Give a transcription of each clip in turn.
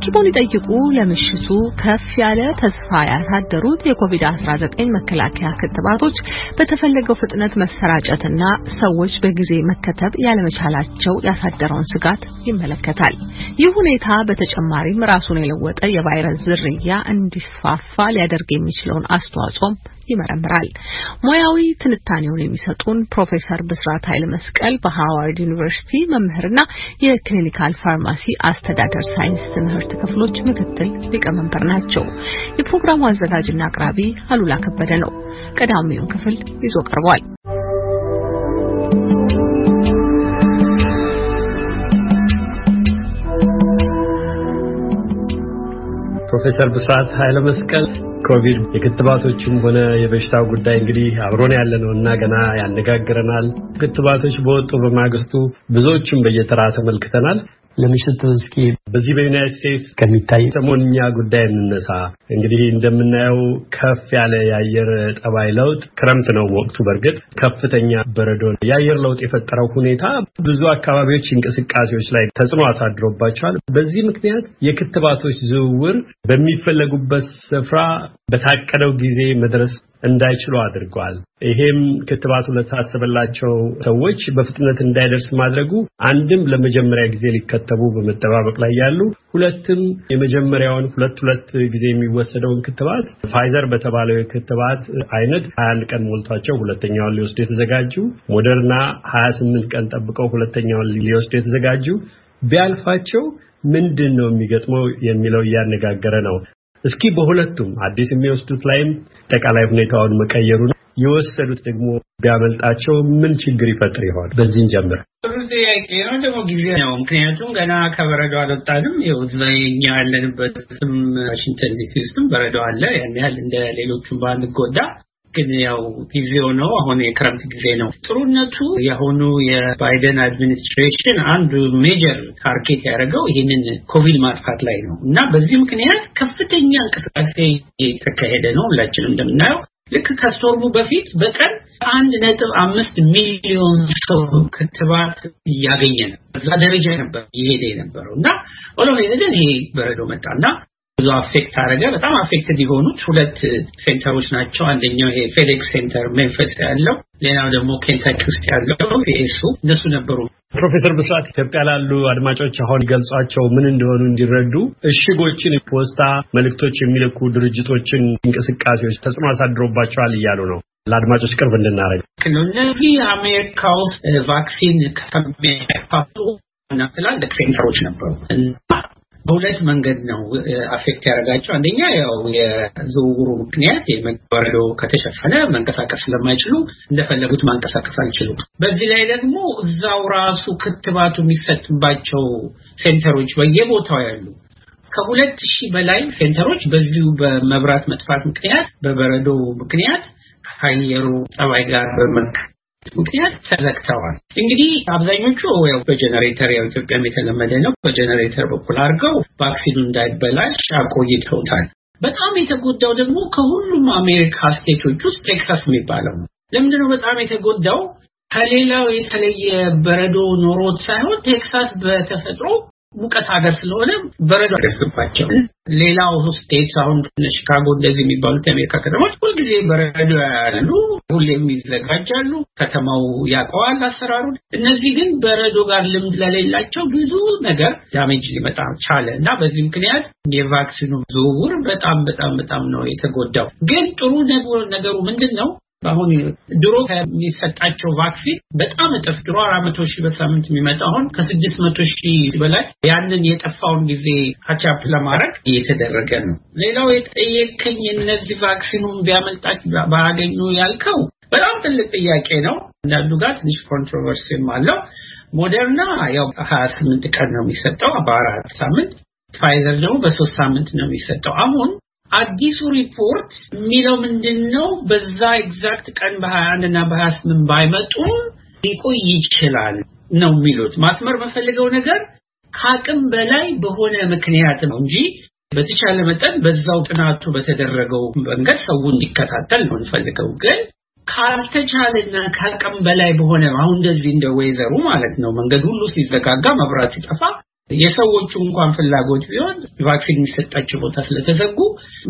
ሐኪሙን ይጠይቁ ለምሽቱ ከፍ ያለ ተስፋ ያሳደሩት የኮቪድ-19 መከላከያ ክትባቶች በተፈለገው ፍጥነት መሰራጨትና ሰዎች በጊዜ መከተብ ያለመቻላቸው ያሳደረውን ስጋት ይመለከታል። ይህ ሁኔታ በተጨማሪም ራሱን የለወጠ የቫይረስ ዝርያ እንዲስፋፋ ሊያደርግ የሚችለውን አስተዋጽኦም ይመረምራል። ሙያዊ ትንታኔውን የሚሰጡን ፕሮፌሰር ብስራት ኃይለ መስቀል በሃዋርድ ዩኒቨርሲቲ መምህርና የክሊኒካል ፋርማሲ አስተዳደር ሳይንስ ትምህርት ክፍሎች ምክትል ሊቀመንበር ናቸው። የፕሮግራሙ አዘጋጅና አቅራቢ አሉላ ከበደ ነው። ቀዳሚውን ክፍል ይዞ ቀርቧል። ፕሮፌሰር ብስራት ኃይለ መስቀል ኮቪድ የክትባቶችም ሆነ የበሽታው ጉዳይ እንግዲህ አብሮን ያለ ነው እና ገና ያነጋግረናል። ክትባቶች በወጡ በማግስቱ ብዙዎችም በየተራ ተመልክተናል። ለምሽት እስኪ በዚህ በዩናይት ስቴትስ ከሚታይ ሰሞንኛ ጉዳይ እንነሳ። እንግዲህ እንደምናየው ከፍ ያለ የአየር ጠባይ ለውጥ፣ ክረምት ነው ወቅቱ። በእርግጥ ከፍተኛ በረዶ የአየር ለውጥ የፈጠረው ሁኔታ ብዙ አካባቢዎች እንቅስቃሴዎች ላይ ተጽዕኖ አሳድሮባቸዋል። በዚህ ምክንያት የክትባቶች ዝውውር በሚፈለጉበት ስፍራ በታቀደው ጊዜ መድረስ እንዳይችሉ አድርጓል። ይሄም ክትባቱ ለተሳሰበላቸው ሰዎች በፍጥነት እንዳይደርስ ማድረጉ አንድም ለመጀመሪያ ጊዜ ሊከተቡ በመጠባበቅ ላይ ያሉ፣ ሁለትም የመጀመሪያውን ሁለት ሁለት ጊዜ የሚወሰደውን ክትባት ፋይዘር በተባለው የክትባት አይነት ሀያ አንድ ቀን ሞልቷቸው ሁለተኛውን ሊወስዱ የተዘጋጁ፣ ሞደርና ሀያ ስምንት ቀን ጠብቀው ሁለተኛውን ሊወስዱ የተዘጋጁ ቢያልፋቸው ምንድን ነው የሚገጥመው የሚለው እያነጋገረ ነው። እስኪ በሁለቱም አዲስ የሚወስዱት ላይም አጠቃላይ ሁኔታውን መቀየሩ የወሰዱት ደግሞ ቢያመልጣቸው ምን ችግር ይፈጥር ይሆን? በዚህን ጀምር። ጥሩ ጥያቄ ነው። ደግሞ ጊዜ ነው። ምክንያቱም ገና ከበረዶ አልወጣንም። ላይ እኛ ያለንበትም ዋሽንግተን ዲሲ ውስጥም በረዶ አለ። ያን ያህል እንደ ሌሎቹም ባንጎዳ ግን ያው ጊዜው ነው። አሁን የክረምት ጊዜ ነው። ጥሩነቱ የአሁኑ የባይደን አድሚኒስትሬሽን አንዱ ሜጀር ታርጌት ያደረገው ይህንን ኮቪድ ማጥፋት ላይ ነው እና በዚህ ምክንያት ከፍተኛ እንቅስቃሴ የተካሄደ ነው። ሁላችንም እንደምናየው ልክ ከስቶርሙ በፊት በቀን አንድ ነጥብ አምስት ሚሊዮን ሰው ክትባት እያገኘ ነው። እዛ ደረጃ ነበር ይሄደ የነበረው እና ኦሎሜደን ይሄ በረዶ እና ብዙ አፌክት አደረገ። በጣም አፌክትድ የሆኑት ሁለት ሴንተሮች ናቸው። አንደኛው ይሄ ፌዴክስ ሴንተር ሜንፈስ ያለው፣ ሌላው ደግሞ ኬንታኪ ውስጥ ያለው ይሱ እነሱ ነበሩ። ፕሮፌሰር ብስራት ኢትዮጵያ ላሉ አድማጮች አሁን ገልጿቸው ምን እንደሆኑ እንዲረዱ እሽጎችን፣ ፖስታ መልእክቶች የሚልኩ ድርጅቶችን እንቅስቃሴዎች ተጽዕኖ አሳድሮባቸዋል እያሉ ነው ለአድማጮች ቅርብ እንድናደረግ እነዚህ አሜሪካ ውስጥ ቫክሲን ከሚያካፍሉ ትላልቅ ሴንተሮች ነበሩ በሁለት መንገድ ነው አፌክት ያደረጋቸው። አንደኛ ያው የዝውውሩ ምክንያት የመጓረዶ ከተሸፈነ መንቀሳቀስ ስለማይችሉ እንደፈለጉት ማንቀሳቀስ አልችሉ። በዚህ ላይ ደግሞ እዛው ራሱ ክትባቱ የሚሰጥባቸው ሴንተሮች በየቦታው ያሉ ከሁለት ሺህ በላይ ሴንተሮች በዚሁ በመብራት መጥፋት ምክንያት በበረዶ ምክንያት ከአየሩ ጸባይ ጋር ምክንያት ተዘግተዋል። እንግዲህ አብዛኞቹ በጀነሬተር ያው ኢትዮጵያም የተለመደ ነው። በጀነሬተር በኩል አድርገው ቫክሲኑ እንዳይበላሽ አቆይተውታል። በጣም የተጎዳው ደግሞ ከሁሉም አሜሪካ ስቴቶች ውስጥ ቴክሳስ የሚባለው ነው። ለምንድነው በጣም የተጎዳው? ከሌላው የተለየ በረዶ ኖሮት ሳይሆን ቴክሳስ በተፈጥሮ ሙቀት ሀገር ስለሆነ በረዶ አይደርስባቸው። ሌላው ስቴትስ አሁን ሺካጎ እንደዚህ የሚባሉት የአሜሪካ ከተማዎች ሁልጊዜ በረዶ ያሉ ሁሌም ይዘጋጃሉ። ከተማው ያውቀዋል አሰራሩን። እነዚህ ግን በረዶ ጋር ልምድ ለሌላቸው ብዙ ነገር ዳሜጅ ሊመጣ ቻለ እና በዚህ ምክንያት የቫክሲኑ ዝውውር በጣም በጣም በጣም ነው የተጎዳው። ግን ጥሩ ነገሩ ምንድን ነው አሁን ድሮ ከሚሰጣቸው ቫክሲን በጣም እጥፍ ድሮ አራት መቶ ሺህ በሳምንት የሚመጣ አሁን ከስድስት መቶ ሺህ በላይ ያንን የጠፋውን ጊዜ ካቻፕ ለማድረግ እየተደረገ ነው። ሌላው የጠየከኝ እነዚህ ቫክሲኑን ቢያመልጣች ባያገኙ ያልከው በጣም ትልቅ ጥያቄ ነው። አንዳንዱ ጋር ትንሽ ኮንትሮቨርሲም አለው። ሞደርና ያው ሀያ ስምንት ቀን ነው የሚሰጠው በአራት ሳምንት ፋይዘር ደግሞ በሶስት ሳምንት ነው የሚሰጠው። አሁን አዲሱ ሪፖርት የሚለው ምንድን ነው? በዛ ኤግዛክት ቀን በሀያ አንድ እና በሀያ ስምንት ባይመጡም ሊቆይ ይችላል ነው የሚሉት። ማስመር በፈልገው ነገር ከአቅም በላይ በሆነ ምክንያት ነው እንጂ በተቻለ መጠን በዛው ጥናቱ በተደረገው መንገድ ሰው እንዲከታተል ነው እንፈልገው። ግን ካልተቻለና ከአቅም በላይ በሆነ አሁን እንደዚህ እንደ ወይዘሩ ማለት ነው መንገድ ሁሉ ሲዘጋጋ መብራት ሲጠፋ የሰዎቹ እንኳን ፍላጎት ቢሆን ቫክሲን የሚሰጣቸው ቦታ ስለተዘጉ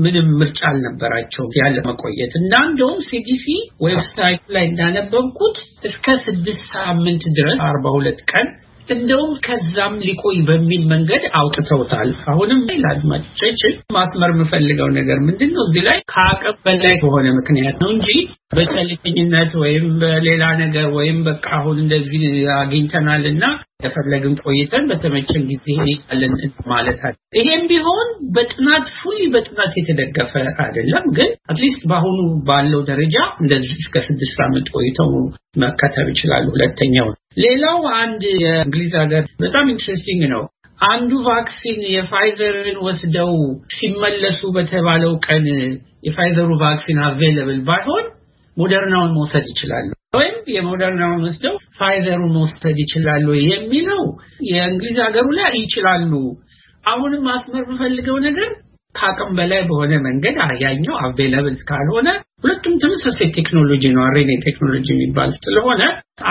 ምንም ምርጫ አልነበራቸው ያለ መቆየት እና እንደውም ሲዲሲ ዌብሳይቱ ላይ እንዳነበብኩት እስከ ስድስት ሳምንት ድረስ አርባ ሁለት ቀን እንደውም ከዛም ሊቆይ በሚል መንገድ አውጥተውታል። አሁንም ለአድማጮቻችን ማስመር የምፈልገው ነገር ምንድን ነው እዚህ ላይ ከአቅም በላይ በሆነ ምክንያት ነው እንጂ በቸልተኝነት ወይም በሌላ ነገር ወይም በቃ አሁን እንደዚህ አግኝተናል እና የፈለግን ቆይተን በተመቸን ጊዜ ሄዳለን ማለት አለ። ይሄም ቢሆን በጥናት ፉይ በጥናት የተደገፈ አይደለም። ግን አትሊስት በአሁኑ ባለው ደረጃ እንደዚህ እስከ ስድስት ዓመት ቆይተው መከተብ ይችላሉ። ሁለተኛው ሌላው አንድ የእንግሊዝ ሀገር በጣም ኢንትረስቲንግ ነው። አንዱ ቫክሲን የፋይዘርን ወስደው ሲመለሱ በተባለው ቀን የፋይዘሩ ቫክሲን አቬለብል ባይሆን ሞደርናውን መውሰድ ይችላሉ ወይም የሞደርናውን ወስደው ፋይዘሩን መውሰድ ይችላሉ የሚለው የእንግሊዝ ሀገሩ ላይ ይችላሉ። አሁንም ማስመር የምፈልገው ነገር ከአቅም በላይ በሆነ መንገድ ያኛው አቬለብል ካልሆነ ሁለቱም ተመሳሳይ ቴክኖሎጂ ነው። አሬኔ ቴክኖሎጂ የሚባል ስለሆነ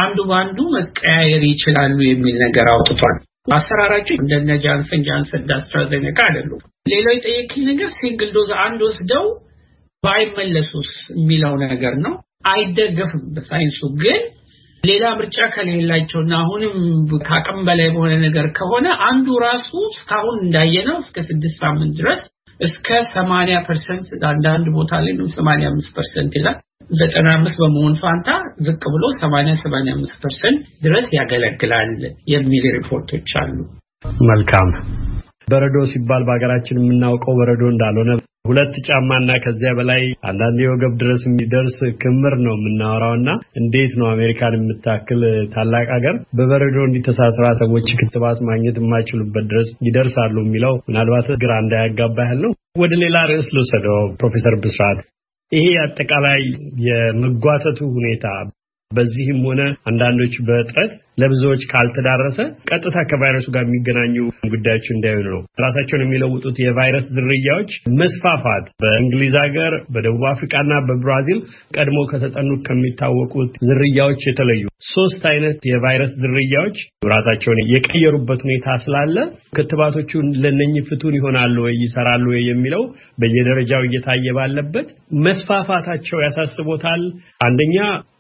አንዱ በአንዱ መቀያየር ይችላሉ የሚል ነገር አውጥቷል። አሰራራቸው እንደነ ጃንሰን ጃንሰን ዳስትራዘኔካ አይደሉም። ሌላው የጠየቅኝ ነገር ሲንግል ዶዝ አንድ ወስደው ባይመለሱስ የሚለው ነገር ነው። አይደገፍም በሳይንሱ ግን ሌላ ምርጫ ከሌላቸው እና አሁንም ከአቅም በላይ በሆነ ነገር ከሆነ አንዱ ራሱ እስካሁን እንዳየነው እስከ ስድስት ሳምንት ድረስ እስከ 80 ፐርሰንት አንዳንድ ቦታ ላይ ነው 85 ፐርሰንት ይላል። 95 በመሆን ፋንታ ዝቅ ብሎ 80 85 ፐርሰንት ድረስ ያገለግላል የሚል ሪፖርቶች አሉ። መልካም በረዶ ሲባል በሀገራችን የምናውቀው በረዶ እንዳልሆነ ሁለት ጫማና ከዚያ በላይ አንዳንድ የወገብ ድረስ የሚደርስ ክምር ነው የምናወራውና እንዴት ነው አሜሪካን የምታክል ታላቅ ሀገር በበረዶ እንዲተሳስራ ሰዎች ክትባት ማግኘት የማይችሉበት ድረስ ይደርሳሉ የሚለው ምናልባት ግራ እንዳያጋባ ያህል ነው። ወደ ሌላ ርዕስ ልውሰደው ፕሮፌሰር ብስራት ይሄ አጠቃላይ የመጓተቱ ሁኔታ በዚህም ሆነ አንዳንዶች በጥረት ለብዙዎች ካልተዳረሰ ቀጥታ ከቫይረሱ ጋር የሚገናኙ ጉዳዮች እንዳይሆኑ ነው። ራሳቸውን የሚለውጡት የቫይረስ ዝርያዎች መስፋፋት በእንግሊዝ ሀገር፣ በደቡብ አፍሪካና በብራዚል ቀድሞ ከተጠኑት ከሚታወቁት ዝርያዎች የተለዩ ሶስት አይነት የቫይረስ ዝርያዎች ራሳቸውን የቀየሩበት ሁኔታ ስላለ ክትባቶቹ ለነኚህ ፍቱን ይሆናሉ ወይ ይሰራሉ ወይ የሚለው በየደረጃው እየታየ ባለበት መስፋፋታቸው ያሳስቦታል። አንደኛ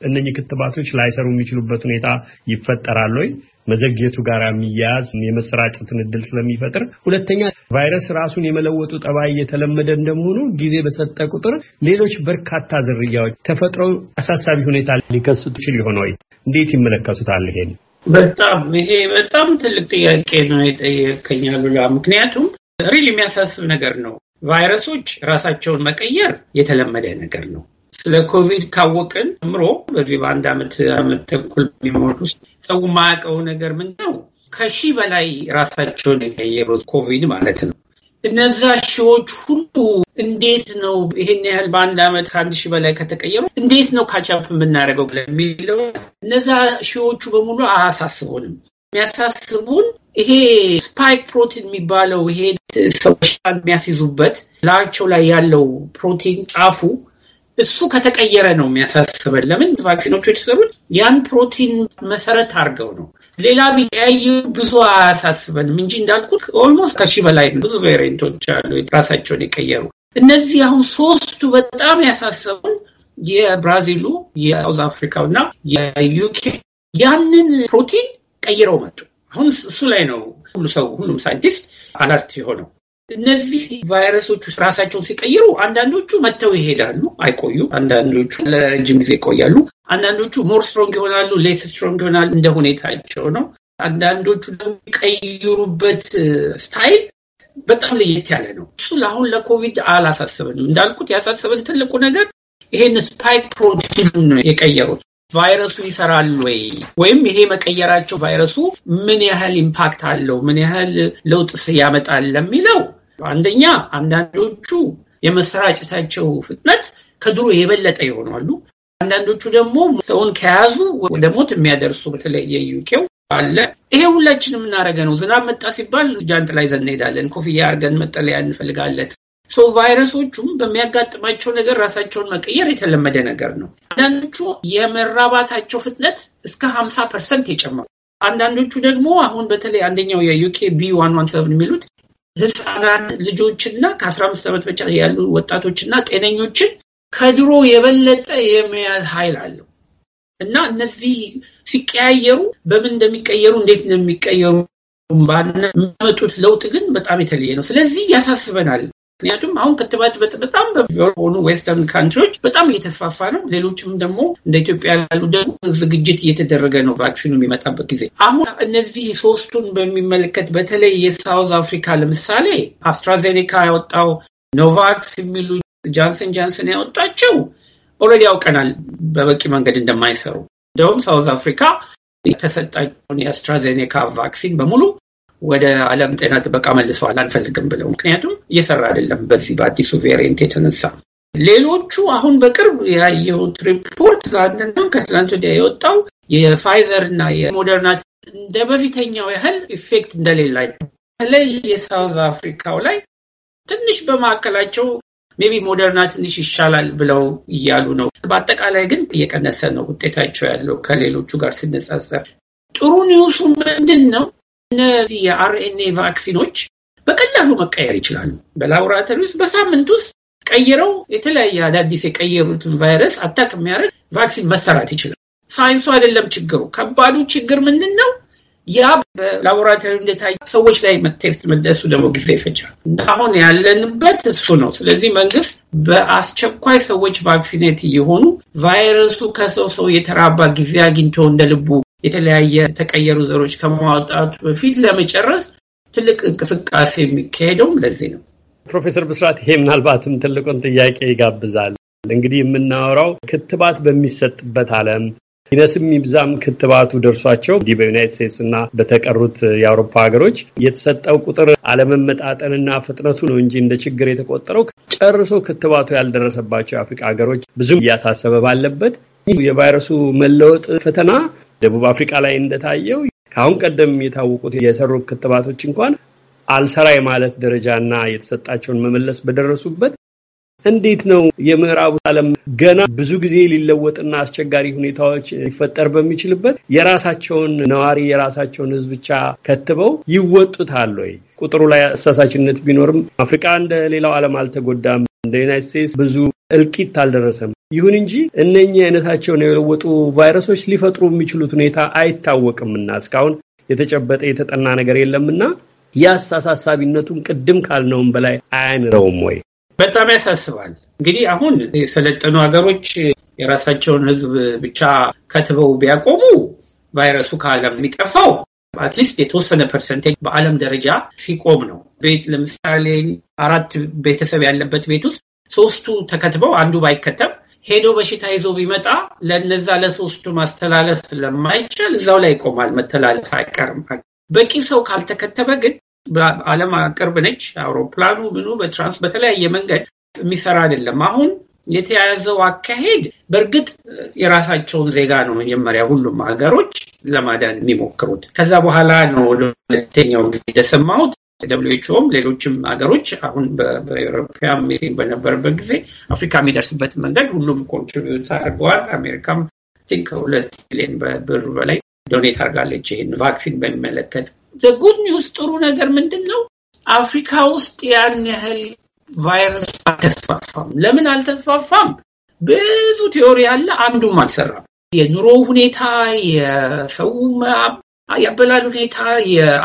እነኚህ ክትባቶች ላይሰሩ የሚችሉበት ሁኔታ ይፈጠ ይፈጠራል ወይ? መዘግየቱ ጋር የሚያያዝ የመሰራጨትን እድል ስለሚፈጥር፣ ሁለተኛ ቫይረስ ራሱን የመለወጡ ጠባይ የተለመደ እንደመሆኑ ጊዜ በሰጠ ቁጥር ሌሎች በርካታ ዝርያዎች ተፈጥሮ አሳሳቢ ሁኔታ ሊከስቱ ይችል ይሆን ወይ? እንዴት ይመለከቱታል ይሄን? በጣም ይሄ በጣም ትልቅ ጥያቄ ነው የጠየቀኝ አሉላ። ምክንያቱም ሪል የሚያሳስብ ነገር ነው። ቫይረሶች ራሳቸውን መቀየር የተለመደ ነገር ነው። ስለ ኮቪድ ካወቅን ምሮ በዚህ በአንድ ዓመት ዓመት ተኩል የሚሞት ውስጥ ሰው ማያውቀው ነገር ምንድነው? ከሺህ በላይ ራሳቸውን የቀየሩት ኮቪድ ማለት ነው። እነዛ ሺዎች ሁሉ እንዴት ነው ይሄን ያህል በአንድ ዓመት ከአንድ ሺህ በላይ ከተቀየሩ እንዴት ነው ካቻፕ የምናደርገው ለሚለው እነዛ ሺዎቹ በሙሉ አያሳስቡንም። የሚያሳስቡን ይሄ ስፓይክ ፕሮቲን የሚባለው ይሄ ሰዎች የሚያስይዙበት ላቸው ላይ ያለው ፕሮቲን ጫፉ እሱ ከተቀየረ ነው የሚያሳስበን። ለምን ቫክሲኖቹ የተሰሩት ያን ፕሮቲን መሰረት አድርገው ነው። ሌላ ቢቀያዩ ብዙ አያሳስበንም እንጂ እንዳልኩት ኦልሞስት ከሺህ በላይ ብዙ ቬሬንቶች አሉ ራሳቸውን የቀየሩ። እነዚህ አሁን ሶስቱ በጣም ያሳሰቡን የብራዚሉ፣ የሳውዝ አፍሪካው እና የዩኬ ያንን ፕሮቲን ቀይረው መጡ። አሁን እሱ ላይ ነው ሁሉ ሰው ሁሉም ሳይንቲስት አላርት የሆነው እነዚህ ውስጥ ራሳቸውን ሲቀይሩ አንዳንዶቹ መጥተው ይሄዳሉ፣ አይቆዩ አንዳንዶቹ ለረጅም ጊዜ ይቆያሉ። አንዳንዶቹ ሞር ስትሮንግ ይሆናሉ፣ ሌስ ስትሮንግ ይሆናሉ። እንደ ሁኔታቸው ነው። አንዳንዶቹ ደግሞ የሚቀይሩበት ስታይል በጣም ለየት ያለ ነው። እሱ ለአሁን ለኮቪድ አላሳስብንም። እንዳልኩት ያሳሰበን ትልቁ ነገር ይሄን ስፓይክ ፕሮቲን ነው የቀየሩት። ቫይረሱ ይሰራል ወይ ወይም ይሄ መቀየራቸው ቫይረሱ ምን ያህል ኢምፓክት አለው፣ ምን ያህል ለውጥ ያመጣል ለሚለው አንደኛ አንዳንዶቹ የመሰራጨታቸው ፍጥነት ከድሮ የበለጠ ይሆናሉ። አንዳንዶቹ ደግሞ ሰውን ከያዙ ወደ ሞት የሚያደርሱ በተለይ የዩኬው አለ። ይሄ ሁላችን የምናደርገው ነው። ዝናብ መጣ ሲባል ጃንጥላ ይዘን እንሄዳለን። ኮፍያ አድርገን መጠለያ እንፈልጋለን። ሶ ቫይረሶቹም በሚያጋጥማቸው ነገር ራሳቸውን መቀየር የተለመደ ነገር ነው። አንዳንዶቹ የመራባታቸው ፍጥነት እስከ ሀምሳ ፐርሰንት የጨመሩ አንዳንዶቹ ደግሞ አሁን በተለይ አንደኛው የዩኬ ቢ ዋን ዋን ሰብን የሚሉት ህፃናት ልጆችና ከአስራ አምስት ዓመት በቻ ያሉ ወጣቶችና ጤነኞችን ከድሮ የበለጠ የመያዝ ኃይል አለው እና እነዚህ ሲቀያየሩ በምን እንደሚቀየሩ እንዴት እንደሚቀየሩ የሚያመጡት ለውጥ ግን በጣም የተለየ ነው። ስለዚህ ያሳስበናል። ምክንያቱም አሁን ክትባት በጣም በሆኑ ዌስተርን ካንትሪዎች በጣም እየተስፋፋ ነው። ሌሎችም ደግሞ እንደ ኢትዮጵያ ያሉ ደግሞ ዝግጅት እየተደረገ ነው ቫክሲኑ የሚመጣበት ጊዜ። አሁን እነዚህ ሶስቱን በሚመለከት በተለይ የሳውዝ አፍሪካ ለምሳሌ አስትራዜኔካ ያወጣው፣ ኖቫክስ የሚሉ ጃንሰን ጃንሰን ያወጣቸው ኦልሬዲ ያውቀናል በበቂ መንገድ እንደማይሰሩ እንደውም ሳውዝ አፍሪካ የተሰጣቸውን የአስትራዜኔካ ቫክሲን በሙሉ ወደ ዓለም ጤና ጥበቃ መልሰዋል አንፈልግም ብለው። ምክንያቱም እየሰራ አይደለም በዚህ በአዲሱ ቬሪንት የተነሳ ሌሎቹ አሁን በቅርብ ያየሁት ሪፖርት ትናንትና ከትላንት ወዲያ የወጣው የፋይዘር እና የሞደርና እንደ በፊተኛው ያህል ኢፌክት እንደሌላ በተለይ የሳውዝ አፍሪካው ላይ ትንሽ በማዕከላቸው ሜቢ ሞደርና ትንሽ ይሻላል ብለው እያሉ ነው። በአጠቃላይ ግን እየቀነሰ ነው ውጤታቸው ያለው ከሌሎቹ ጋር ሲነጻጸር። ጥሩ ኒውሱ ምንድን ነው? እነዚህ የአርኤንኤ ቫክሲኖች በቀላሉ መቀየር ይችላሉ። በላቦራተሪ ውስጥ በሳምንት ውስጥ ቀይረው የተለያየ አዳዲስ የቀየሩትን ቫይረስ አታክ የሚያደርግ ቫክሲን መሰራት ይችላል። ሳይንሱ አይደለም ችግሩ። ከባዱ ችግር ምንድን ነው? ያ በላቦራቶሪ እንደታየ ሰዎች ላይ ቴስት መደሱ ደግሞ ጊዜ ይፈጃል አሁን ያለንበት እሱ ነው። ስለዚህ መንግስት በአስቸኳይ ሰዎች ቫክሲኔት እየሆኑ ቫይረሱ ከሰው ሰው የተራባ ጊዜ አግኝቶ እንደ ልቡ የተለያየ ተቀየሩ ዘሮች ከማውጣቱ በፊት ለመጨረስ ትልቅ እንቅስቃሴ የሚካሄደውም ለዚህ ነው። ፕሮፌሰር ብስራት ይሄ ምናልባትም ትልቁን ጥያቄ ይጋብዛል። እንግዲህ የምናወራው ክትባት በሚሰጥበት ዓለም ይነስም ይብዛም ክትባቱ ደርሷቸው እንዲህ በዩናይት ስቴትስ እና በተቀሩት የአውሮፓ ሀገሮች የተሰጠው ቁጥር አለመመጣጠንና ፍጥነቱ ነው እንጂ እንደ ችግር የተቆጠረው ጨርሶ ክትባቱ ያልደረሰባቸው የአፍሪካ ሀገሮች ብዙም እያሳሰበ ባለበት ይህ የቫይረሱ መለወጥ ፈተና ደቡብ አፍሪካ ላይ እንደታየው ከአሁን ቀደም የታወቁት የሰሩ ክትባቶች እንኳን አልሰራ የማለት ደረጃና የተሰጣቸውን መመለስ በደረሱበት እንዴት ነው የምዕራቡ ዓለም ገና ብዙ ጊዜ ሊለወጥና አስቸጋሪ ሁኔታዎች ሊፈጠር በሚችልበት የራሳቸውን ነዋሪ የራሳቸውን ሕዝብ ብቻ ከትበው ይወጡታል ወይ? ቁጥሩ ላይ አሳሳችነት ቢኖርም አፍሪካ እንደ ሌላው ዓለም አልተጎዳም። እንደ ዩናይት ስቴትስ ብዙ እልቂት አልደረሰም። ይሁን እንጂ እነኚህ አይነታቸውን የለወጡ ቫይረሶች ሊፈጥሩ የሚችሉት ሁኔታ አይታወቅምና እስካሁን የተጨበጠ የተጠና ነገር የለምና ያስ አሳሳቢነቱን ቅድም ካልነውም በላይ አያንረውም ወይ? በጣም ያሳስባል። እንግዲህ አሁን የሰለጠኑ ሀገሮች የራሳቸውን ሕዝብ ብቻ ከትበው ቢያቆሙ ቫይረሱ ከዓለም የሚጠፋው አትሊስት የተወሰነ ፐርሰንቴጅ በዓለም ደረጃ ሲቆም ነው። ቤት ለምሳሌ አራት ቤተሰብ ያለበት ቤት ውስጥ ሶስቱ ተከትበው አንዱ ባይከተብ ሄዶ በሽታ ይዞ ቢመጣ ለነዛ ለሶስቱ ማስተላለፍ ስለማይቻል እዛው ላይ ይቆማል። መተላለፍ አይቀርም። በቂ ሰው ካልተከተበ ግን በዓለም ቅርብ ነች። አውሮፕላኑ ምኑ በትራንስ በተለያየ መንገድ የሚሰራ አይደለም። አሁን የተያዘው አካሄድ በእርግጥ የራሳቸውን ዜጋ ነው መጀመሪያ ሁሉም ሀገሮች ለማዳን የሚሞክሩት። ከዛ በኋላ ነው ሁለተኛው ጊዜ የተሰማሁት ደብሊው ኤች ኦም ሌሎችም ሀገሮች አሁን በኤሮፓያን ሚቲንግ በነበረበት ጊዜ አፍሪካ የሚደርስበት መንገድ ሁሉም ኮንትሪቢዩት አድርገዋል። አሜሪካም ቲንክ ሁለት ሚሊዮን ብር በላይ ዶኔት አድርጋለች ይህን ቫክሲን በሚመለከት። ዘጉድ ኒውስ ጥሩ ነገር ምንድን ነው? አፍሪካ ውስጥ ያን ያህል ቫይረስ አልተስፋፋም። ለምን አልተስፋፋም? ብዙ ቴዎሪ አለ፣ አንዱም አልሰራም። የኑሮ ሁኔታ የሰው የአበላል ሁኔታ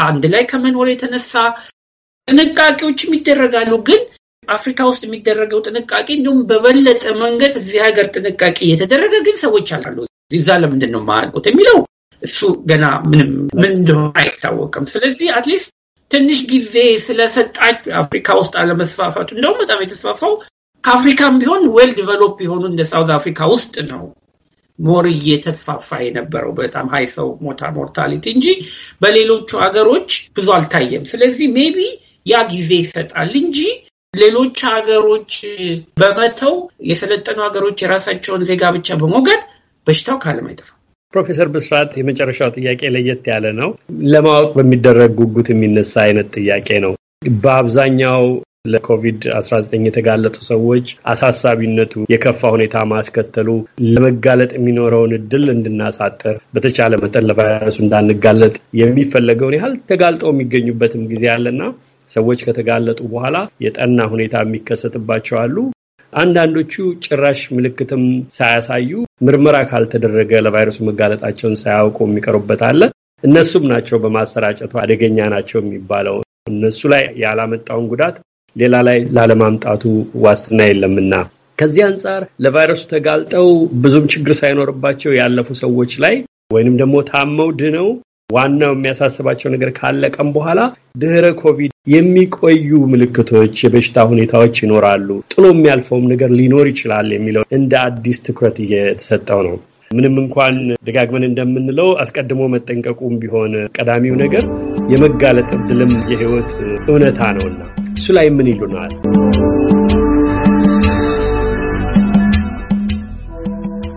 አንድ ላይ ከመኖር የተነሳ ጥንቃቄዎች የሚደረጋሉ። ግን አፍሪካ ውስጥ የሚደረገው ጥንቃቄ እንዲሁም በበለጠ መንገድ እዚህ ሀገር ጥንቃቄ እየተደረገ ግን ሰዎች አላሉ። እዛ ለምንድን ነው ማያውቁት የሚለው እሱ ገና ምንም ምን እንደሆነ አይታወቅም። ስለዚህ አትሊስት ትንሽ ጊዜ ስለሰጣች አፍሪካ ውስጥ አለመስፋፋቱ እንደውም በጣም የተስፋፋው ከአፍሪካም ቢሆን ዌል ዲቨሎፕ የሆኑ እንደ ሳውዝ አፍሪካ ውስጥ ነው ሞር እየተስፋፋ የነበረው በጣም ሀይ ሰው ሞርታሊቲ እንጂ በሌሎቹ ሀገሮች ብዙ አልታየም። ስለዚህ ሜቢ ያ ጊዜ ይሰጣል እንጂ ሌሎች ሀገሮች በመተው የሰለጠኑ ሀገሮች የራሳቸውን ዜጋ ብቻ በሞገድ በሽታው ከዓለም አይጠፋም። ፕሮፌሰር ብስራት የመጨረሻው ጥያቄ ለየት ያለ ነው። ለማወቅ በሚደረግ ጉጉት የሚነሳ አይነት ጥያቄ ነው። በአብዛኛው ለኮቪድ-19 የተጋለጡ ሰዎች አሳሳቢነቱ የከፋ ሁኔታ ማስከተሉ ለመጋለጥ የሚኖረውን እድል እንድናሳጥር በተቻለ መጠን ለቫይረሱ እንዳንጋለጥ የሚፈለገውን ያህል ተጋልጠው የሚገኙበትም ጊዜ አለና ሰዎች ከተጋለጡ በኋላ የጠና ሁኔታ የሚከሰትባቸው አሉ። አንዳንዶቹ ጭራሽ ምልክትም ሳያሳዩ ምርመራ ካልተደረገ ለቫይረሱ መጋለጣቸውን ሳያውቁ የሚቀሩበት አለ። እነሱም ናቸው በማሰራጨቱ አደገኛ ናቸው የሚባለው። እነሱ ላይ ያላመጣውን ጉዳት ሌላ ላይ ላለማምጣቱ ዋስትና የለምና ከዚህ አንጻር ለቫይረሱ ተጋልጠው ብዙም ችግር ሳይኖርባቸው ያለፉ ሰዎች ላይ ወይንም ደግሞ ታመው ድነው ዋናው የሚያሳስባቸው ነገር ካለቀም በኋላ ድህረ ኮቪድ የሚቆዩ ምልክቶች፣ የበሽታ ሁኔታዎች ይኖራሉ፣ ጥሎ የሚያልፈውም ነገር ሊኖር ይችላል የሚለው እንደ አዲስ ትኩረት እየተሰጠው ነው። ምንም እንኳን ደጋግመን እንደምንለው አስቀድሞ መጠንቀቁም ቢሆን ቀዳሚው ነገር የመጋለጥ ዕድልም የህይወት እውነታ ነውና እሱ ላይ ምን ይሉናል?